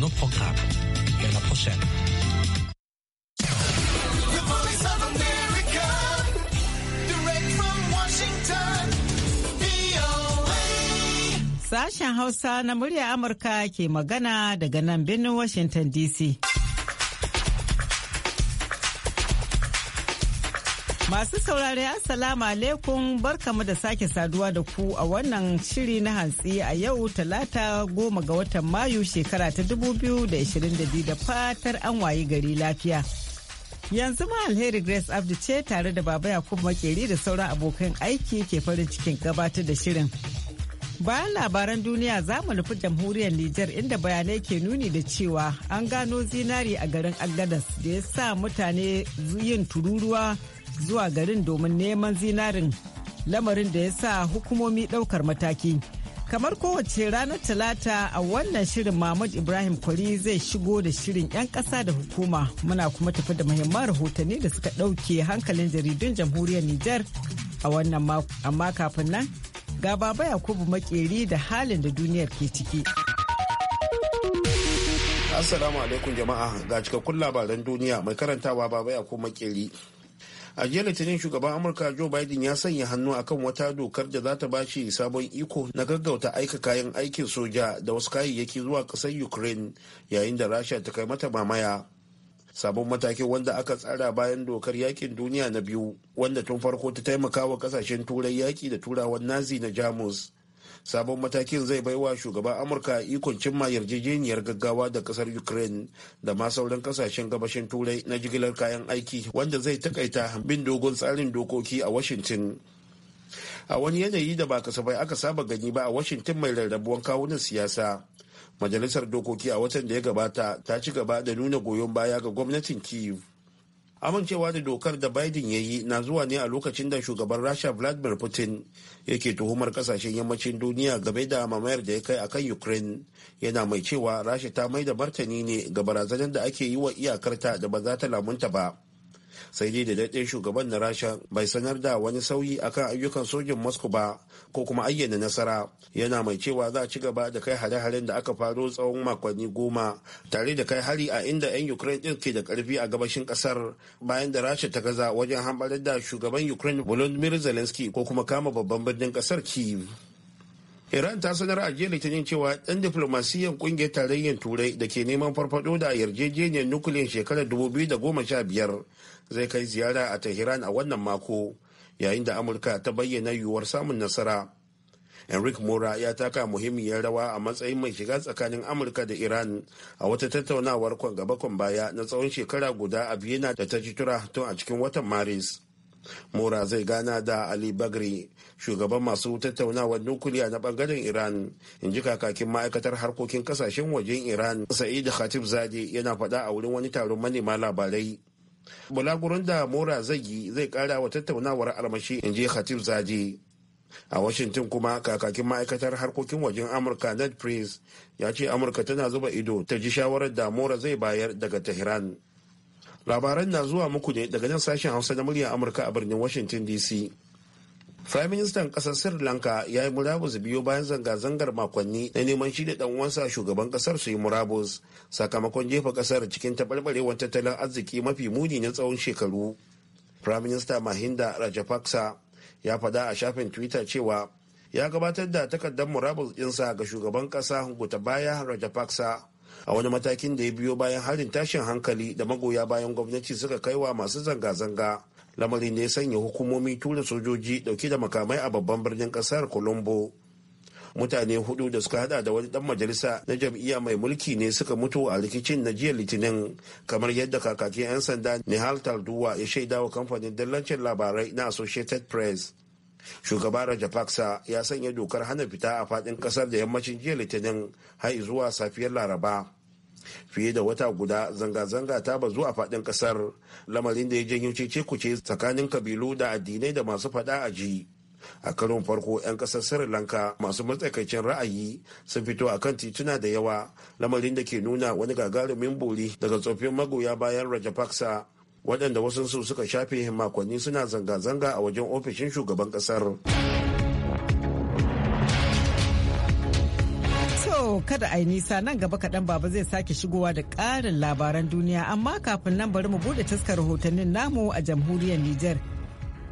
nos programmes. Et à la prochaine. Sashen Hausa na murya Amurka ke magana daga nan birnin Washington DC. Masu saurare Assalamu alaikum barkamu da sake saduwa da ku a wannan shiri na hantsi a yau talata goma ga watan Mayu shekara ta 2022 da fatar an wayi gari lafiya. Yanzu ma alheri Grace Abdu ce tare da Baba Yakubu Makeri da sauran abokan aiki ke farin cikin gabatar da shirin. Bayan labaran duniya za mu nufi jamhuriyar Nijar inda bayanai ke nuni da cewa an gano zinari a garin Agadas da ya sa mutane yin tururuwa zuwa garin domin neman zinarin lamarin da ya sa hukumomi ɗaukar mataki. Kamar kowace ranar Talata a wannan shirin Mahmud Ibrahim Kwari zai shigo da shirin 'yan ƙasa da hukuma muna kuma tafi da muhimman rahotanni da suka ɗauke hankalin jaridun jamhuriyar Nijar a wannan mako. Amma kafin nan, ga Baba Yakubu Makeri da halin da duniyar ke ciki. Assalamu alaikum jama'a ga cikakkun labaran duniya mai karantawa Baba Yakubu Makeri. a jiya litinin shugaban amurka joe biden ya sanya hannu akan wata dokar da za ta ba shi sabon iko na gaggauta aika kayan aikin soja da wasu kayayyaki zuwa ƙasar ukraine yayin da rasha ta kai mata mamaya sabon matakin wanda aka tsara bayan dokar yakin duniya na biyu wanda tun farko ta taimaka wa kasashen turai yaki da turawan nazi na jamus sabon matakin zai bai wa shugaban amurka ikon cimma yarjejeniyar gaggawa da kasar ukraine da ma sauran kasashen gabashin turai na jigilar kayan aiki wanda zai takaita bin dogon tsarin dokoki a washington a wani yanayi da ba kasafai aka saba gani ba a washington mai rarrabuwan kawunan siyasa majalisar dokoki a watan da ya gabata ta ci gaba da nuna goyon baya ga gwamnatin kiev amincewa da dokar da biden ya yi na zuwa ne a lokacin da shugaban rasha vladimir putin yake tuhumar kasashen yammacin duniya game da mamayar da ya kai akan ukraine yana mai cewa rasha ta mai da martani ne ga barazanar da ake yi wa iyakarta da ba za ta lamunta ba sai dai da daɗin shugaban na rasha bai sanar da wani sauyi akan ayyukan sojin moscow ba ko kuma ayyana nasara yana mai cewa za a ci gaba da kai hare-haren da aka faro tsawon makonni goma tare da kai hari a inda 'yan ukraine ɗin ke da karfi a gabashin ƙasar bayan da rasha ta gaza wajen hambarar da shugaban ukraine volodymyr zelensky ko kuma kama babban birnin ƙasar kiev Iran ta sanar a jiya Litinin cewa ɗan diflomasiyyar ƙungiyar tarayyar Turai da ke neman farfado da yarjejeniyar nukiliyar shekarar 2015 zai kai ziyara a Tehran a wannan mako yayin da Amurka ta bayyana yiwuwar samun nasara. Enric Mora ya taka muhimmiyar rawa a matsayin mai shiga tsakanin Amurka da Iran a wata tattaunawar kwan gaba kwan baya na tsawon shekara guda a Vienna da ta ci tura tun a cikin watan Maris. mora zai gana da ali bagri shugaban masu tattaunawar nukuliya na bangaren iran in ji kakakin ma'aikatar harkokin kasashen wajen iran sa'id khatib zade yana faɗa a wurin wani taron manema labarai bulagurin da mora zai yi zai kara wa tattaunawar almashi in ji khatib zade a washington kuma kakakin ma'aikatar harkokin wajen amurka ned prince ya ce amurka tana zuba ido ta ji shawarar da mora zai bayar daga tehran labaran na zuwa muku ne daga nan sashen hausa na murya amurka a birnin washington dc Prime Minister kasar Sri Lanka ya yi murabus biyu bayan zanga-zangar makonni na neman shi da dan uwansa shugaban kasar su yi murabus sakamakon jefa kasar cikin taɓarɓarewar tattalin arziki mafi muni na tsawon shekaru. Prime Minister Mahinda Rajapaksa ya fada a shafin Twitter cewa ya gabatar da takardar murabus ɗinsa ga shugaban ƙasa gutabaya Rajapaksa a wani matakin da ya biyo bayan harin tashin hankali da magoya bayan gwamnati suka kai wa masu zanga-zanga lamarin da ya sanya hukumomi tura sojoji dauke da makamai a babban birnin kasar colombo mutane hudu da suka hada da wani dan majalisa na jam'iyya mai mulki ne suka mutu a rikicin na jiya litinin kamar yadda kakakin 'yan sanda nihal tarduwa ya shaidawa kamfanin dallancin labarai na associated press shugaba rajapaksa ya sanya dokar hana fita a fadin kasar da yammacin jiya litinin har zuwa safiyar laraba fiye da wata guda zanga-zanga ta bazu a fadin kasar lamarin da ya janyo cece kuce tsakanin kabilu da addinai da masu fada a ji a karon farko 'yan kasar sri lanka masu matsakaicin ra'ayi sun fito a kan tituna da yawa lamarin da ke nuna wani gagarumin bori daga tsoffin magoya bayan raja rajapaksa waɗanda su suka shafe makonni suna zanga-zanga a wajen ofishin shugaban ƙasar. kada a yi nisa nan gaba kaɗan baba zai sake shigowa da ƙarin labaran duniya amma kafin nan bari mu buɗe taskar rahotannin namu a jamhuriyar Nijar.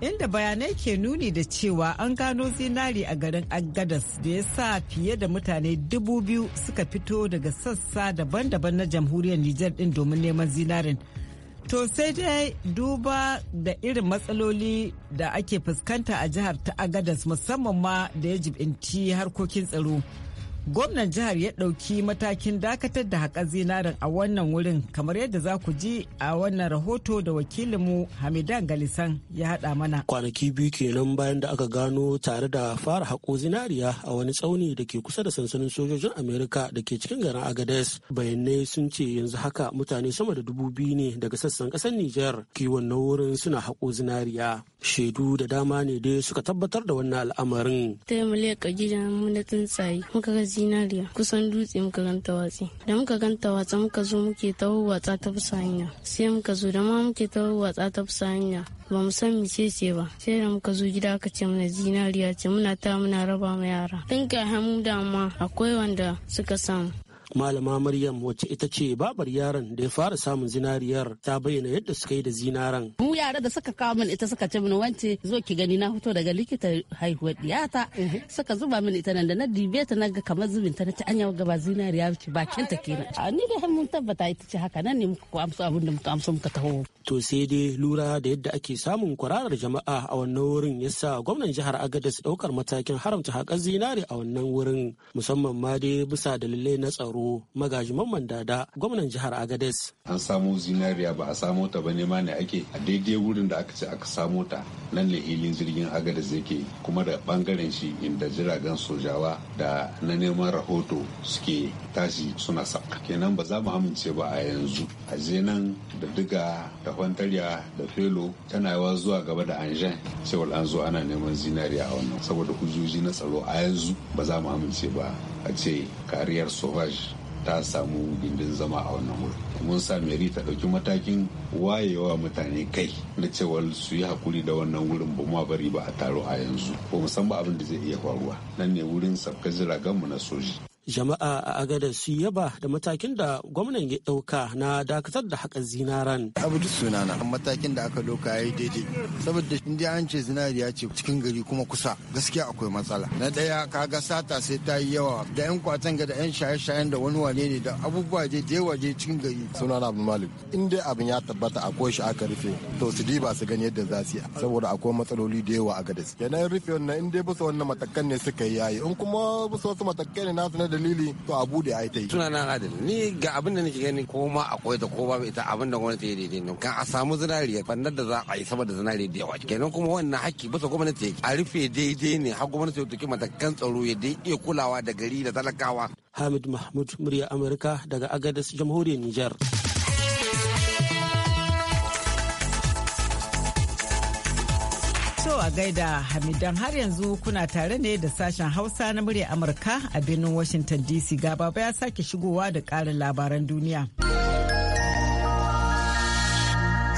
Inda bayanai ke nuni da cewa an gano zinari a garin Agadas da ya sa fiye da mutane dubu biyu suka fito daga sassa daban-daban na jamhuriyar Nijar ɗin domin neman zinarin. To sai dai duba da irin matsaloli da ake fuskanta a jihar ta Agadas musamman ma da ya jibinci harkokin tsaro. gwamnan jihar ya ɗauki matakin dakatar da haƙar zinarin a wannan wurin kamar yadda za ku ji a wannan rahoto da wakilinmu hamidan galisan ya haɗa mana kwanaki biyu kenan bayan da aka gano tare da fara haƙo zinariya a wani tsauni da ke kusa da sansanin sojojin amerika da ke cikin garin agades bayanai sun ce yanzu haka mutane sama da dubu biyu ne daga sassan ƙasar nijar kiwon na wurin suna haƙo zinariya shaidu da dama ne dai suka tabbatar da wannan al'amarin. ta yi mu leƙa gidan mu na zinariya kusan dutse muka ganta watsi da muka ganta watsa muka zo muke ta watsa ta fusa hanya sai muka zo da ma muke ta watsa ta fusa hanya ba mu san mice ce ba sai da muka zo gida aka ce mana zinariya ce muna ta muna raba ma yara tun ka hamu ma akwai wanda suka samu Malama Maryam wacce ita ce babar yaron da ya fara samun zinariyar ta bayyana yadda suka yi da zinaran. Mu yara da suka kawo min ita suka ce min wance zo ki gani na fito daga likita haihuwar diyata mhm. suka zuba min ita nan da na dibe ta na ga kamar zubin ta na ci anya gaba zinariya ce bakin ta kenan. Ni da mun tabbata ita ce haka nan ne muka ko amsa abin da muka amsa muka taho. To sai dai lura da yadda ake samun kwararar jama'a a wannan wurin yasa gwamnan jihar Agadez daukar matakin haramta haƙar zinari a wannan wurin musamman ma dai bisa dalilai na tsaro. Yawo magaji Mamman Dada gwamnan jihar Agadez. An samo zinariya ba a samo ta ba nema ne ake a daidai wurin da aka ce aka samo ta nan ne jirgin Agadez yake kuma da bangaren shi inda jiragen sojawa da na neman rahoto suke tashi suna sauka Kenan ba za mu amince ba a yanzu a nan da diga da kwantarya da felo tana yawa zuwa gaba da anjan cewar an zo ana neman zinariya a wannan saboda hujjoji na tsaro a yanzu ba za mu amince ba a ce kariyar sauvage ta samu gindin zama a wannan wurin mun sa meri ta ɗauki matakin wayewa mutane kai na cewa su yi hakuri da wannan wurin ba ma bari ba a taro a yanzu ko mu san ba abin da zai iya faruwa nan ne wurin sabkan jiragen mu na soji jama'a a agadar su yaba da matakin da gwamnan ya ɗauka na dakatar da haƙar zinaran. abu duk sunana matakin da aka doka ya yi daidai saboda inda an ce zinariya ce cikin gari kuma kusa gaskiya akwai matsala na ɗaya kaga sata sai ta yi yawa da yan kwatan ga da yan shaye-shayen da wani wane ne da abubuwa je da yawa je cikin gari. sunana abu malik in dai abin ya tabbata akwai shi aka rufe to su diba su gani yadda za su yi saboda akwai matsaloli da yawa a gadas. kenan rufe wannan in dai bisa wannan matakan ne suka yi yayi in kuma bisa wasu matakan ne nasu na dalili to a bude a ta yi. Suna nan adil ni ga abin da nake gani ko ma akwai da ko ba ita abin da gwamnati ya daidai ne kan a samu zinariya fannar da za a yi saboda zinari da yawa kenan kuma wannan haƙƙi bisa gwamnati a rufe daidai ne har gwamnati ta tuki matakan tsaro ya dai iya kulawa da gari da talakawa. Hamid Mahmud murya Amurka daga Agadez jamhuriyar Nijar. so a gaida Hamidan har yanzu kuna tare ne da sashen Hausa na murya Amurka a birnin Washington DC ga baba ya sake shigowa da ƙarin labaran duniya.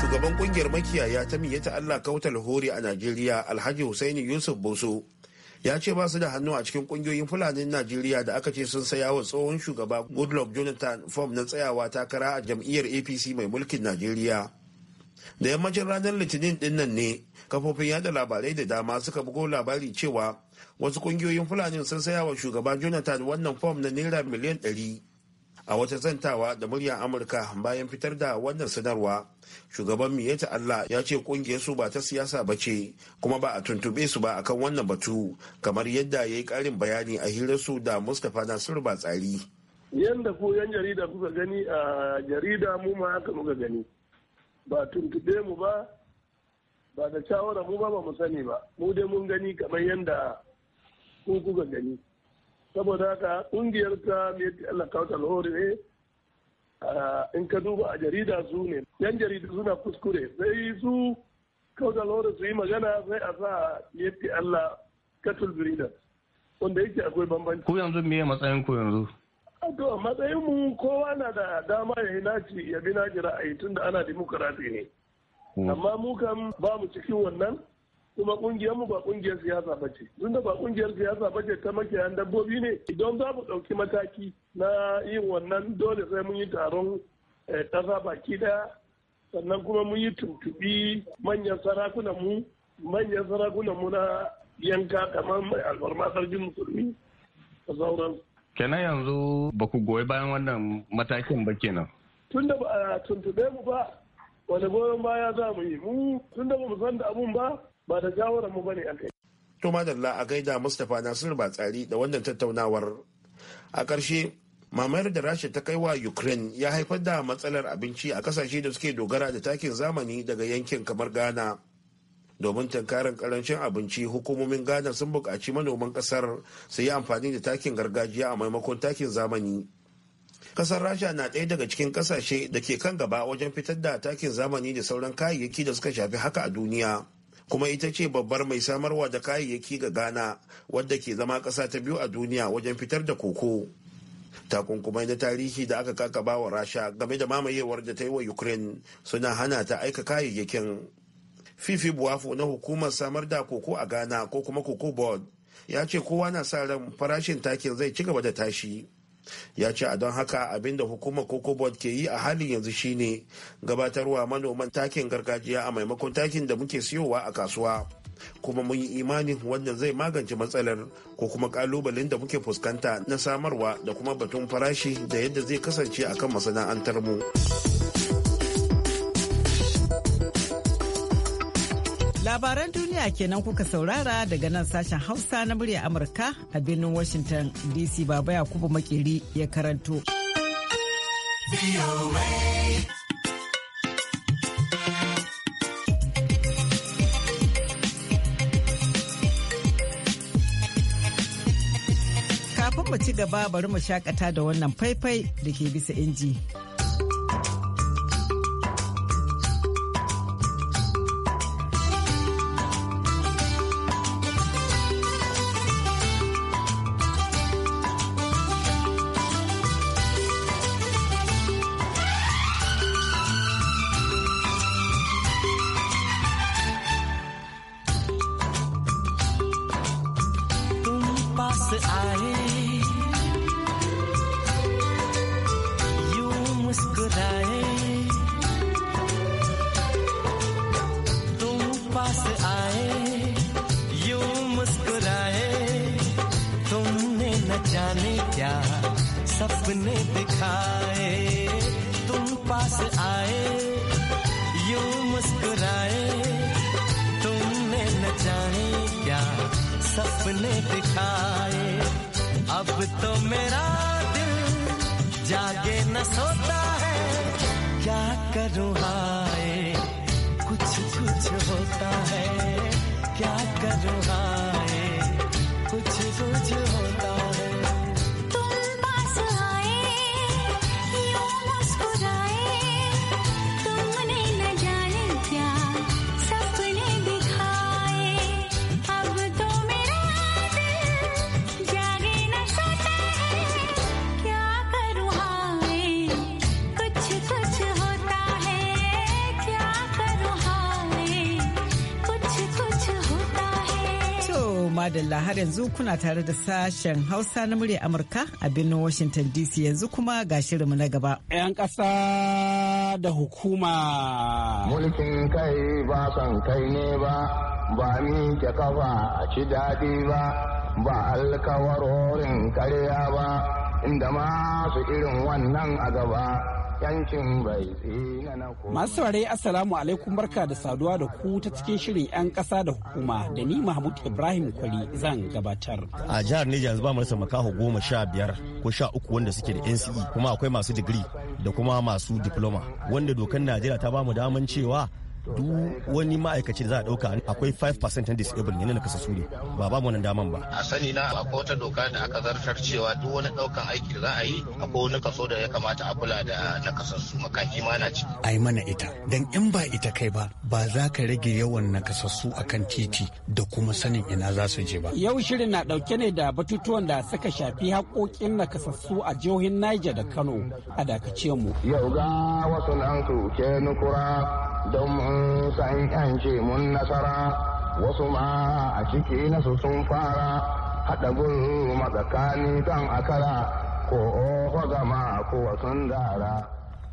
Shugaban kungiyar makiyaya ta miyata Allah kautal hori a Najeriya Alhaji Hussaini Yusuf Boso ya ce ba su da hannu a cikin kungiyoyin fulanin najeriya da aka ce sun saya wa tsohon shugaba goodluck jonathan form na tsayawa takara a jam'iyyar apc mai mulkin najeriya da yammacin ranar litinin dinnan ne kafofin yada labarai da dama suka bugo labari cewa wasu kungiyoyin fulani sun saya wa shugaba jonathan wannan fom na naira miliyan 100 a wata zantawa da murya amurka bayan fitar da wannan sanarwa shugaban miyeta allah ya ce kungiyar su ba ta siyasa ba ce kuma ba a tuntube su ba akan wannan batu kamar yadda ya yi karin bayani a hirarsu da mustapha nasiru batsari yadda ku yan jarida kuka gani a jarida mu ma haka muka gani ba tuntube mu ba ba da shawara mu ba ba mu sani ba mu dai mun gani kamar yadda ku kuka gani saboda haka ƙungiyar ta mai Allah kauta alhori ne in ka duba a jarida su ne yan jarida suna kuskure sai su kauta alhori su yi magana sai a sa mai Allah katul birida wanda yake akwai bambanci ku yanzu me matsayin ku yanzu to matsayin mu kowa na da dama ya yi naci ya bi naci ra'ayi tun da ana demokarasi ne hmm. amma mu kan ba mu cikin wannan kuma kungiyar mu ba kungiyar siyasa ba ce tun da ba kungiyar siyasa ba ce ta makiyayan dabbobi ne idan za mu ɗauki mataki na yin wannan dole sai mun yi taron eh, ƙasa baki ɗaya sannan kuma mun yi tuntuɓi manyan sarakunan mu manyan sarakunan mu na yanka kamar mai alfarma sarkin musulmi da sauransu kenan yanzu ba ku goyi bayan wannan matakin ba kenan tun da ba a tuntube mu ba wani goyon baya za mu yi mu tun da ba mu san da abun ba ba da shawarar mu ne alkai to madalla a gaida mustapha nasiru batsari da wannan tattaunawar a ƙarshe mamayar da rasha ta kai wa ukraine ya haifar da matsalar abinci a kasashe da suke dogara da takin zamani daga yankin kamar ghana domin tankarin karancin abinci hukumomin ghana sun buƙaci manoman ƙasar su yi amfani da takin gargajiya a maimakon takin zamani kasar rasha na ɗaya daga cikin ƙasashe da ke kan gaba wajen fitar da takin zamani da sauran kayayyaki da suka shafi haka a duniya kuma ita ce babbar mai samarwa da kayayyaki ga ghana wadda ke zama ƙasa ta biyu a duniya wajen fitar da koko takunkumai na tarihi da aka kakaba wa rasha game da mamayewar da ta yi wa ukraine suna hana ta aika kayayyakin fifi buwafo na hukumar samar da koko a ghana ko kuma koko board ya ce kowa na sa ran farashin takin zai ci gaba da tashi ya ce a don haka abinda hukumar koko board ke yi a halin yanzu shine gabatarwa manoman takin gargajiya a maimakon takin da muke siyowa a kasuwa kuma mun yi imanin wannan zai magance matsalar ko kuma kalubalen da muke fuskanta na samarwa da kuma batun farashi da yadda zai kasance akan masana'antar mu. Labaran duniya kenan kuka saurara daga nan sashen Hausa na murya Amurka a birnin Washington DC Baba Yakubu Makeri ya karanto. Kafin mu ci gaba bari mu shakata da wannan faifai da ke bisa inji. सुहाए कुछ बुझ madalla har yanzu kuna tare da sashen Hausa na murya Amurka a birnin Washington DC yanzu kuma ga shirinmu na gaba. 'Yan ƙasa da hukuma. Mulkin kai ba son kai ne ba, ba ni ke kafa a ci daɗi ba, ba alkawarorin karya ba, inda masu irin wannan a gaba. yancin bai Masu saurayi Assalamu alaikum barka da saduwa da ku ta cikin shirin 'yan ƙasa da hukuma da ni Mahmud Ibrahim Kwali zan gabatar. A jihar Niger yanzu ba mu rasa makaho goma sha biyar ko sha uku wanda suke da NCE kuma akwai masu digiri da kuma masu diploma wanda dokar Najeriya ta ba mu daman cewa duk wani ma'aikaci za a ɗauka akwai 5% na disabled ne na kasa su ne ba ba mu daman ba a sani na akwai wata doka da aka zartar cewa duk wani ɗaukan aiki da za a yi akwai wani kaso da ya kamata a kula da na kasa su makaki ma na ci ai mana ita dan in ba ita kai ba ba za ka rage yawan nakasassu kan titi da kuma sanin ina za su je ba yau shirin na ɗauke ne da batutuwan da suka shafi haƙoƙin nakasassu a jihohin Niger da Kano a dakace mu yau ga wasu nan ke nukura don mun san ce mun nasara wasu ma a ciki nasu sun fara haɗa gulu matsakani kan akara ko oho gama ko sun dara.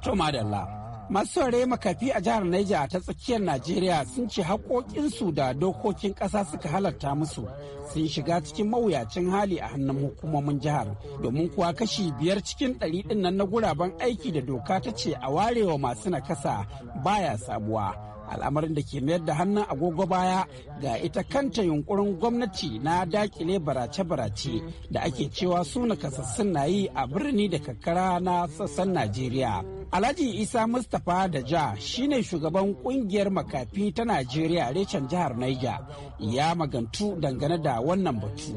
To madalla, masu saurare makafi a jihar Niger ta tsakiyar Najeriya sun ce haƙoƙinsu da dokokin ƙasa suka halarta musu sun shiga cikin mawuyacin hali a hannun hukumomin jihar domin kuwa kashi biyar cikin ɗari ɗin na guraben aiki da doka ta ce a warewa masu nakasa baya sabuwa. al'amarin da ke mayar da hannun agogo baya ga ita kanta yunkurin gwamnati na dakile barace-barace da ake cewa su nakasassun na yi a birni da kakkara na sassan najeriya alhaji isa mustapha da ja shine shugaban kungiyar makafi ta najeriya reshen jihar naija ya magantu dangane da wannan batu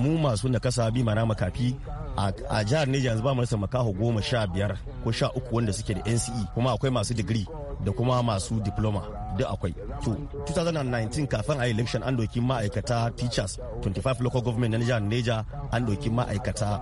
mu masu nakasa bi mana makafi a jihar Niger yanzu ba mu rasa makaho goma sha biyar ko sha uku wanda suke da NCE kuma akwai masu digiri da kuma masu diploma duk akwai. To 2019 kafin a election an doki ma'aikata teachers 25 local government na jihar Niger an doki ma'aikata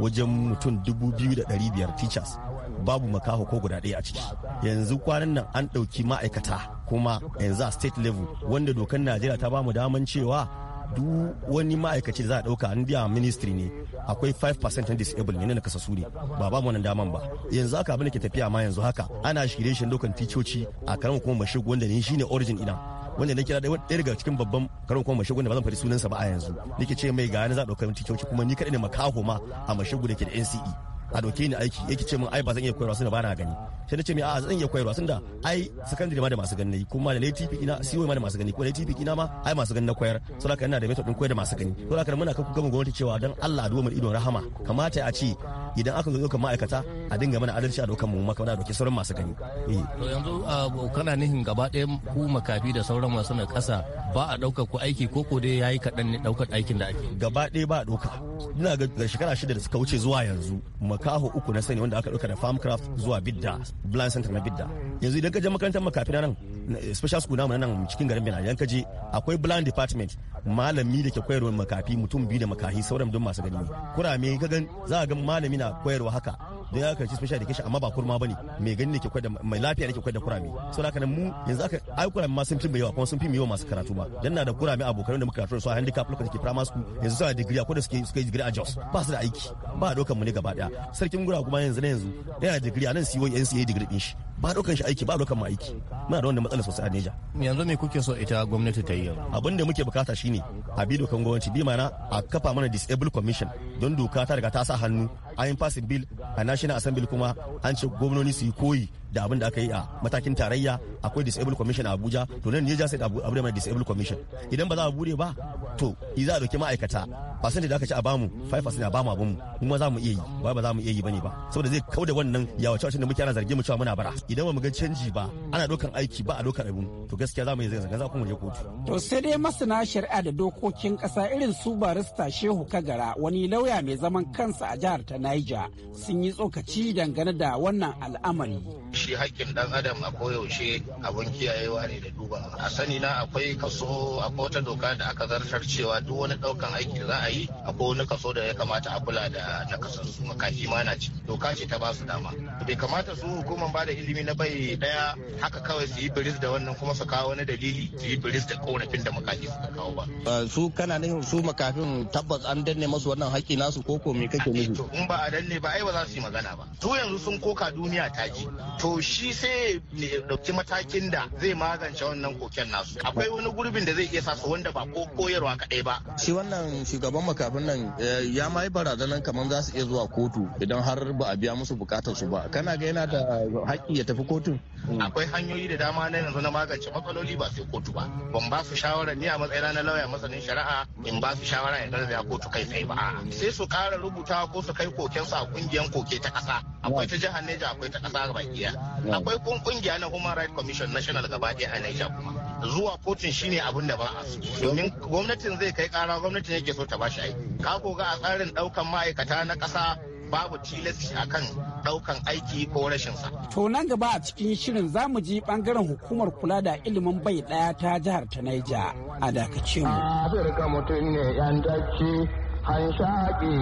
wajen mutum 2,500 teachers babu makaho ko guda ɗaya a ciki yanzu kwanan nan an ɗauki ma'aikata kuma yanzu a state level wanda dokar najeriya ta bamu daman cewa duk wani ma'aikaci da za a ɗauka an biya ministry ne akwai 5% na disabled ne na kasa su ne ba ba wannan daman ba yanzu haka abin da ke tafiya ma yanzu haka ana shirye shi daukan ticoci a karan kuma bashir wanda ne shine origin ina wanda na kira ɗaya daga cikin babban karan kuma mashigo wanda ba zan faɗi sunansa ba a yanzu nake ce mai ga ni za a ɗauka ticoci kuma ni kaɗai ne makaho ma a mashigo da ke da NCE a doke ni aiki yake ce min ai ba zan iya koyarwa da ba na gani sai na ce mai a'a zan iya koyarwa da ai secondary ma da masu gani nayi kuma da native ina siwo e ma da masu gani ko native ina ma ai masu gani na koyar saboda ina da method din koyar da masu gani saboda kan muna kan gama gwamnati cewa dan Allah duwa mun idon rahama kamata a ce idan aka zo dokan ma'aikata a dinga mana adalci a dokan mu kamar wani doke sauran masu gani. Eh. to yanzu kana nihin gaba ɗaya ku makafi da sauran masu na kasa ba a ɗaukar ku aiki ko ko dai yayi kaɗan ne ɗaukar aikin da ake. gaba ɗaya ba a ɗauka ina ga shekara shida da suka wuce zuwa yanzu kaho uku na sani wanda aka ɗauka da farmcraft zuwa bidda blind center na bidda yanzu idan ka je makarantar makafi na nan eh, special school namu nan cikin garin bina idan ka je akwai blind department malami da ke koyarwa makafi mutum biyu da makahi sauran don masu gani kurame ka gan za a ga malami na koyarwa haka da ya karanci special education amma ba kurma bane mai gani ne ke kwada mai lafiya ne ke kwada kurami saboda haka mu yanzu aka ai kurami ma sun fi mai yawa kuma sun fi mai yawa masu karatu ba dan na da kurami abokan da muka karatu su a handicap lokacin ke primary school yanzu suna digiri ko da suke suka yi digiri a Jos ba su da aiki ba dokan mu ne gaba daya sarkin gura kuma yanzu na yanzu yana digiri a nan COE NCA digiri din shi ba dokan shi aiki ba dokan mu aiki muna da wannan matsala sosai a Niger yanzu me kuke so ita gwamnati ta yi abin da muke bukata shine a bi dokan gwamnati bi mana a kafa mana disable commission don doka ta riga ta sa hannu a yin passing bill a national national assembly kuma an ce gwamnoni su yi koyi da abin da aka yi a matakin tarayya akwai disabled commission a abuja to nan ne sai abu da mai disabled commission idan ba za a bude ba to i za a dauki ma'aikata fasinta da aka ci a bamu 5% a bamu abin mu kuma za mu iya yi ba ba za mu iya yi bane ba saboda zai kau da wannan yawace wacce da muke ana zargin mu cewa muna bara idan ba mu ga canji ba ana dokan aiki ba a dokan abin to gaskiya za mu yi zai zanga za kuma je kotu to sai dai masana shari'a da dokokin kasa irin su barista Shehu Kagara wani lauya mai zaman kansa a jihar ta Niger sun yi tsokaci dangane da wannan al'amari. Shi hakkin ɗan adam a koyaushe abin kiyayewa ne da duba. A sani na akwai kaso a kota doka da aka zartar cewa duk wani ɗaukan aiki za a yi akwai wani kaso da ya kamata a kula da nakasassu makafi ma na ci. Doka ce ta ba su dama. Bai kamata su hukuman ba da ilimi na bai ɗaya haka kawai su yi biris da wannan kuma su kawo wani dalili su yi biris da ƙorafin da makafi suka kawo ba. Su kana nufin su makafin tabbas an danne masu wannan haƙƙi nasu koko me kake nufi? In ba a danne ba ai ba za su yi magana ba to yanzu sun koka duniya ta ji to shi sai ya dauki matakin da zai magance wannan koken nasu akwai wani gurbin da zai iya sa wanda ba ko koyarwa kadai ba shi wannan shugaban makafin nan eh, ya mai barazanan kamar za su iya zuwa kotu idan har ba a biya musu bukatar su ba kana ga yana da haƙƙi ya tafi kotun akwai hanyoyi da dama na yanzu na magance matsaloli ba sai kotu ba ban ba su shawara ni a matsayina na lauya masanin shari'a in ba su shawara ya garzaya kotu kai sai ba sai su ƙara rubutawa ko su kai kokensu a kungiyar koke ta kasa akwai ta jihar Neja akwai ta kasa gaba ɗaya akwai kungiya na Human Rights Commission National gaba daya a Neja kuma zuwa kotun shine abin da ba a so domin gwamnatin zai kai kara gwamnatin yake so ta bashi aiki ka ko a tsarin ɗaukan ma'aikata na kasa babu tilasti akan daukan aiki ko rashin sa. To nan gaba a cikin shirin za mu ji bangaren hukumar kula da ilimin bai ɗaya ta jihar ta Naija a dakace mu. Afirka mutum ne yan tacci, hanshaki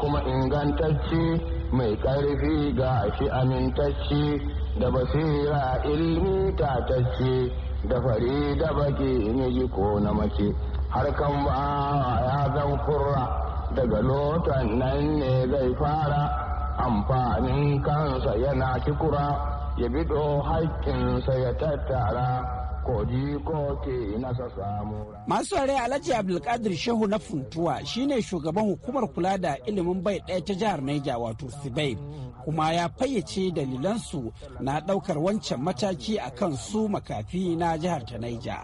kuma ingantacci mai ƙarfi ga shi amintacce da basira ilmi tatacce da fari da baki ji ko na mace harkan ba ya zan kurra daga lotan nan ne zai fara amfanin kansa yana kikura ya bido haƙƙinsa ya tattara Masu ware Alhaji Abdulkadir Shehu na Funtuwa shine shugaban hukumar kula da ilimin bai ɗaya ta jihar Naija wato Sibai kuma ya fayyace dalilansu na ɗaukar wancan mataki a kan su makafi na jihar ta Naija.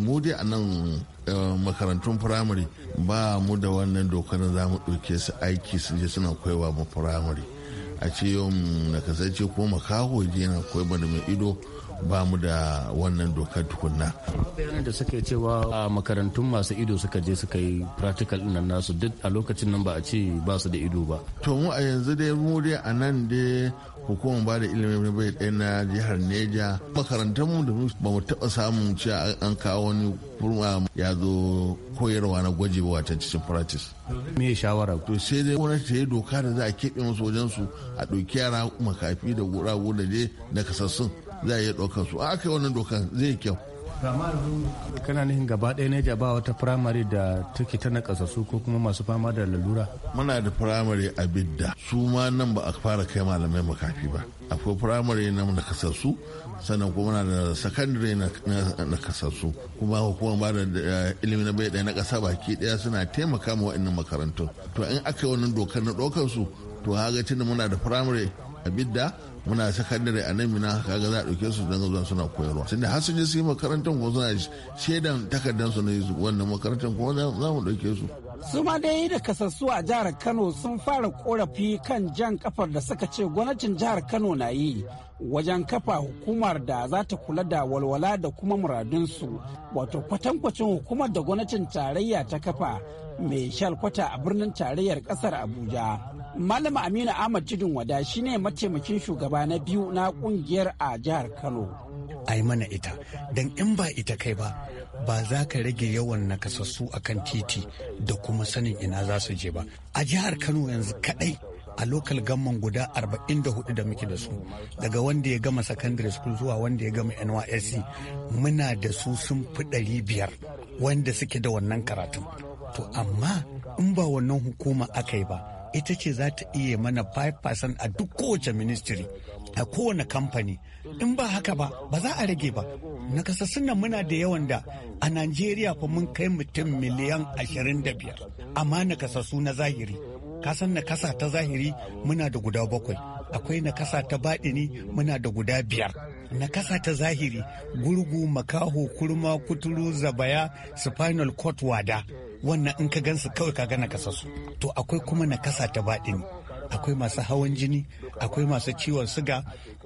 mu dai a nan eh, makarantun firamare ba mu da wannan dokar za mu ɗauke su aiki su je suna koyawa mu firamare a ce yau na kasance ko makaho je na koyar da mai ido ba mu da wannan dokar tukunna. bayanan da suka cewa a makarantun masu ido suka je suka yi practical nan nasu duk a lokacin nan ba a ce ba su da ido ba. to mu a yanzu dai mu dai a nan dai hukumar ba da ilimin bai ɗaya na jihar neja mu da ba mu taɓa samun cewa an kawo wani kurma ya zo koyarwa na gwaji ba wata cikin practice. me shawara to sai dai wani ta yi doka da za a keɓe musu wajen su a ɗauki yara makafi da guragu da je na kasassun za a iya ɗaukar su aka yi wannan dokan zai kyau kana nihin gaba ɗaya ne ba wata firamare da take ta nakasassu ko kuma masu fama da lalura muna da firamare a bidda su ma nan ba a fara kai malamai makafi ba akwai firamare na ƙasasu sannan kuma muna da sakandare na ƙasasu kuma hukumar ba da ilimi na bai ɗaya na ƙasa baki ɗaya suna taimaka ma waɗannan makarantu to in aka yi wannan dokar na ɗaukar su to haga tunda muna da firamare a bidda muna sakandare a nan mina kaga za a ɗauke su don zuwa suna koyarwa tunda har su je su yi makarantar ko suna shaidan takardar su ne wannan makarantar ko za mu ɗauke su su ma dai da kasassu a jihar kano sun fara korafi kan jan kafar da suka ce gwamnatin jihar kano na yi wajen kafa hukumar da za ta kula da walwala da kuma muradunsu wato kwatankwacin hukumar da gwamnatin tarayya ta kafa mai shalkwata a birnin tarayyar kasar abuja Malama Aminu Ahmad Jidin Wada ne mataimakin shugaba na biyu na kungiyar a jihar Kano. Ai mana ita, don in ba ita kai ba, ba za ka rage yawan nakasassu a kan titi da kuma sanin ina za su je ba. A jihar Kano yanzu kadai a lokal gamman guda 44 da muke da su daga wanda ya gama secondary school zuwa wanda ya gama nysc muna da su sun fi biyar wanda suke da wannan karatun to amma in ba wannan hukuma aka yi ba ita ce za ta iya mana 5% a duk kowace ministry a kowane kamfani in ba haka ba ba za a rage ba na kasa nan muna da yawan da a najeriya fa mun kai mutum miliyan 25 amma na na zahiri kasan na kasa ta zahiri muna da guda bakwai akwai na kasa ta baɗini muna da guda biyar na kasa ta zahiri gurgu makaho kurma kuturu zabaya spinal cord wada wannan in ka gansu kawai ka gana su to akwai kuma nakasa ta ne akwai masu hawan jini akwai masu ciwon suga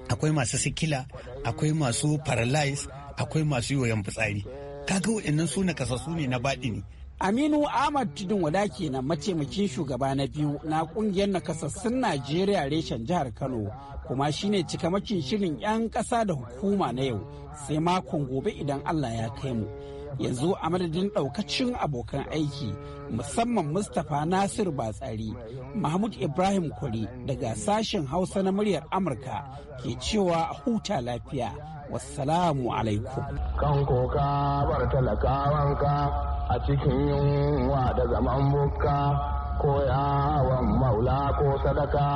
akwai masu sikila akwai masu paralyzed akwai masu yoyon fitsari kaga waɗannan su su ne na baɗi ne. Aminu Ahmad Tudun Wada kenan mataimakin shugaba na biyu na kungiyar nakasassun Najeriya reshen jihar Kano kuma shine cika makin shirin 'yan ƙasa da hukuma na yau sai makon gobe idan Allah ya kai mu. yanzu a madadin daukacin abokan aiki musamman mustapha nasir batsari mahmud ibrahim kwari daga sashen hausa na muryar amurka ke cewa huta lafiya wassalamu alaikum kan koka bar talakawanka a cikin yunwa da zaman buka ko yawon maula ko sadaka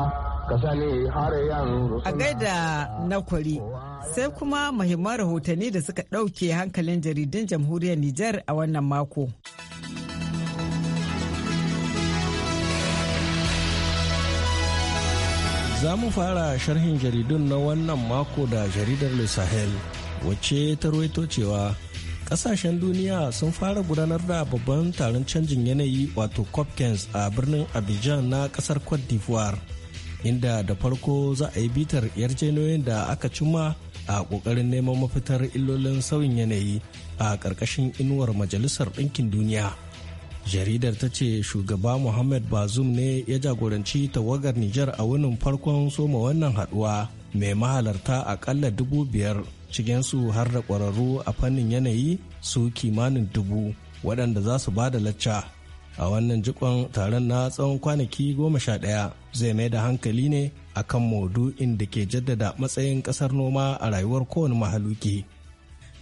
A gaida na kwari, sai kuma mahimman rahotanni da suka ɗauke hankalin jaridun jamhuriyar Nijar a wannan mako. Za mu fara sharhin jaridun na wannan mako da jaridar Le Sahel, wacce ta ruwaito cewa kasashen duniya sun fara gudanar da babban taron canjin yanayi wato copkins a birnin abidjan na kasar cote d'ivoire inda da farko za a yi bitar yarjejeniyoyin da aka cimma a ƙoƙarin neman mafitar illolin sauyin yanayi a ƙarƙashin inuwar majalisar ɗinkin duniya jaridar ta ce shugaba muhammad bazum ne ya jagoranci tawagar nijar a wunin farkon soma wannan haɗuwa mai mahalarta akalla dubu biyar cikinsu har da ƙwararru a fannin yanayi su kimanin dubu waɗanda za su ba da lacca a wannan jikon taron na tsawon kwanaki goma sha ɗaya zai mai da hankali ne a kan maudu'in da ke jaddada matsayin ƙasar noma a rayuwar kowane mahaluki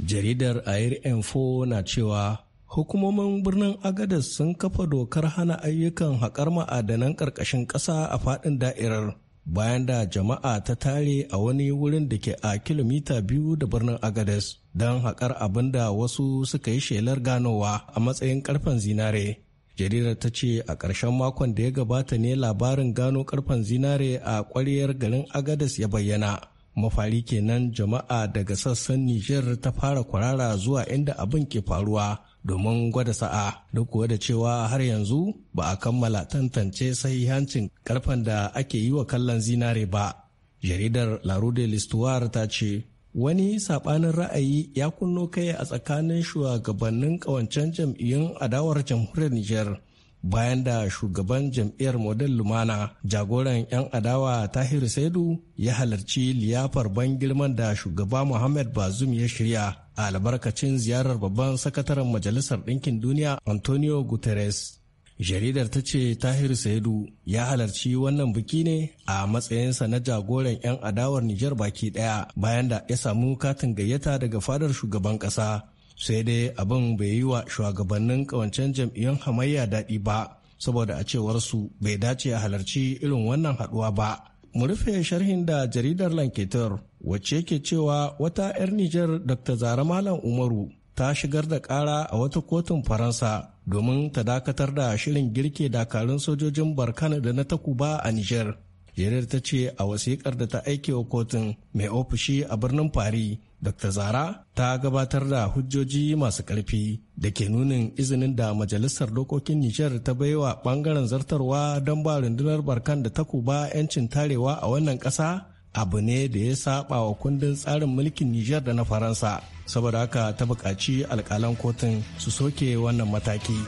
jaridar air info na cewa hukumomin birnin agadas sun kafa dokar hana ayyukan haƙar ma'adanan ƙarƙashin ƙasa a faɗin da'irar bayan da jama'a ta tare a wani wurin da ke a kilomita biyu da birnin agadas don haƙar abin da wasu suka yi shelar ganowa a matsayin ƙarfen zinare jaridar ta ce a ƙarshen makon da ya gabata ne labarin gano karfen zinare a ƙwariyar garin agadas ya bayyana mafari kenan jama'a daga sassan niger ta fara kwarara zuwa inda abin ke faruwa domin gwada sa'a duk kuwa da cewa har yanzu ba a kammala tantance sahihancin karfen da ake yi wa kallon zinare ba jaridar larude listuwar ta ce wani sabanin ra'ayi ya kunno kai a tsakanin shugabannin kawancen jam'iyyun adawar jamhuriyar Nijar bayan da shugaban jam'iyyar model lumana jagoran 'yan adawa tahir saidu ya halarci liyafar ban girman da shugaba muhammad bazum ya shirya a albarkacin ziyarar babban sakataren majalisar ɗinkin duniya antonio guterres Jaridar ta ce Tahir Saidu ya halarci wannan biki ne a matsayinsa na jagoran 'yan adawar Nijar baki ɗaya, bayan da ya samu katin gayyata daga fadar shugaban ƙasa, Sai dai abin bai yi wa shugabannin kawancen jam'iyyun hamayya daɗi ba saboda a cewarsu bai dace a halarci irin wannan haɗuwa ba. Mu rufe sharhin da jaridar Lanketer wacce ke cewa wata 'yar Nijar Dr. Zara Malam Umaru ta shigar da ƙara a wata kotun Faransa domin ta dakatar da shirin girke dakarun sojojin Barkana da na takuba a Niger. Jerar ta ce a wasiƙar da ta aike wa kotun mai ofishi a birnin Fari, Dr. Zara ta gabatar da hujjoji masu ƙarfi da ke nunin izinin da Majalisar Dokokin Niger ta baiwa ɓangaren zartarwa don ba rundunar Barkan da takuba 'yancin tarewa a wannan ƙasa abu ne da ya saba wa kundin tsarin mulkin Nijar da na Faransa saboda haka ta buƙaci alƙalan kotun su soke wannan mataki.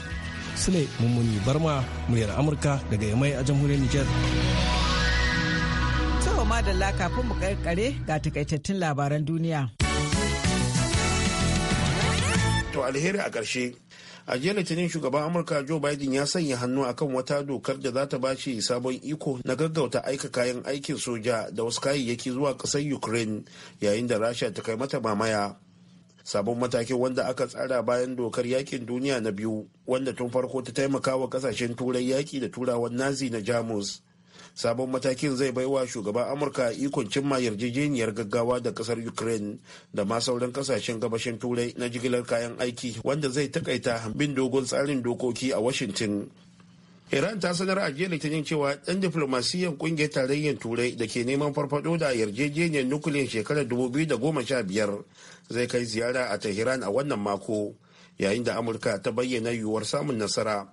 Sule Mummuni Barma muryar Amurka daga Yamai a jamhuriyar Nijar. da madalla kafin mu karkare ga takaitattun labaran duniya. To alheri a ƙarshe a jiya litinin shugaban amurka joe biden ya sanya hannu akan wata dokar da za ta bashi sabon iko na gaggauta aika kayan aikin soja da wasu kayayyaki zuwa ƙasar ukraine yayin da rasha ta kai mata mamaya sabon matakin wanda aka tsara bayan dokar yakin duniya na biyu wanda tun farko ta taimaka wa kasashen turai yaki da turawan nazi na jamus sabon matakin zai bai wa shugaban amurka ikon cimma yarjejeniyar gaggawa da kasar ukraine da ma sauran kasashen gabashin turai na jigilar kayan aiki wanda zai takaita bin dogon tsarin dokoki a washington iran ta sanar a jiya litinin cewa ɗan diflomasiyyar ƙungiyar tarayyar turai da ke neman farfado da yarjejeniyar nukiliyar shekarar 2015 zai kai ziyara a tehran a wannan mako yayin da amurka ta bayyana yiwuwar samun nasara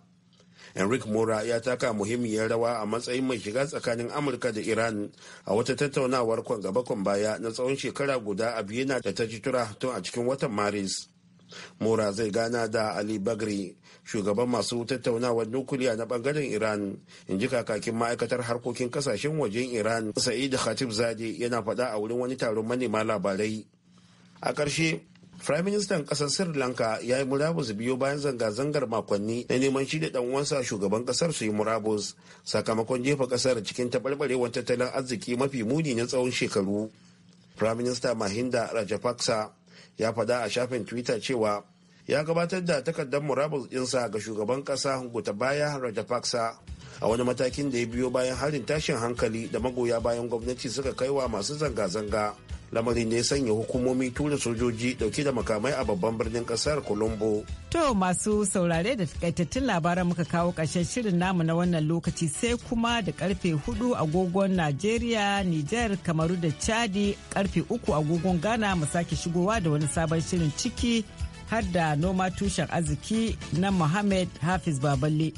enric mora ya taka muhimmiyar rawa a matsayin mai shiga tsakanin amurka da iran a wata tattaunawar kwan gaba kwan baya na tsawon shekara guda a biyana da ta ci tura tun a cikin watan maris mora zai gana da ali bagri shugaban masu tattaunawar nukuliya na bangaren iran in ji kakakin ma'aikatar harkokin kasashen wajen iran sa'id khatib zade yana faɗa a wurin wani taron manema labarai a ƙarshe Prime Minister kasar Sri Lanka ya yi murabus biyo bayan zanga-zangar makonni na neman shi da dan uwansa shugaban kasar su yi murabus sakamakon jefa ƙasar cikin taɓarɓarewar tattalin arziki mafi muni na tsawon shekaru. Prime Minister Mahinda Rajapaksa ya faɗa a shafin Twitter cewa ya gabatar da takardar murabus ɗinsa ga shugaban ƙasa Gotabaya Rajapaksa a wani matakin da ya biyo bayan harin tashin hankali da magoya bayan gwamnati suka kai wa masu zanga-zanga lamarin da sanya hukumomi tura sojoji dauke da makamai a babban birnin kasar colombo to masu saurare da takaitattun labaran muka kawo ƙarshen shirin namu na wannan lokaci sai kuma da karfe hudu agogon nigeria niger kamaru da chadi karfe uku agogon ghana mu sake shigowa da wani sabon shirin ciki har da noma tushen arziki na mohammed Hafiz Baballe.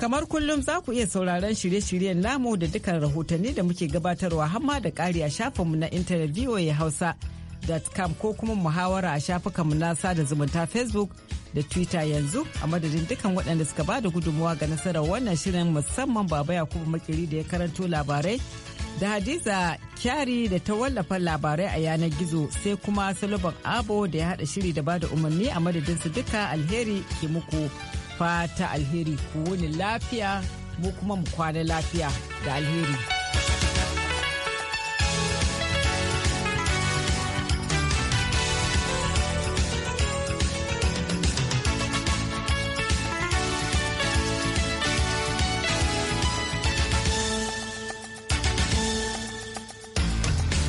Kamar kullum za ku iya sauraron shirye-shiryen namu da dukkan rahotanni da muke gabatarwa hamma da ƙari a shafinmu na intanet VOA Hausa.com ko kuma muhawara a shafukanmu na sada zumunta Facebook da Twitter yanzu a madadin dukkan waɗanda suka ba da gudunmawa ga nasarar wannan shirin musamman Baba Yakubu Makiri da ya karanto labarai da Hadiza Kyari da ta wallafa labarai a yanar gizo sai kuma saloban Abo da ya haɗa shiri da ba da umarni a madadinsu duka alheri ke muku. fata alheri ku wuni lafiya mu kuma mu kwana lafiya da alheri.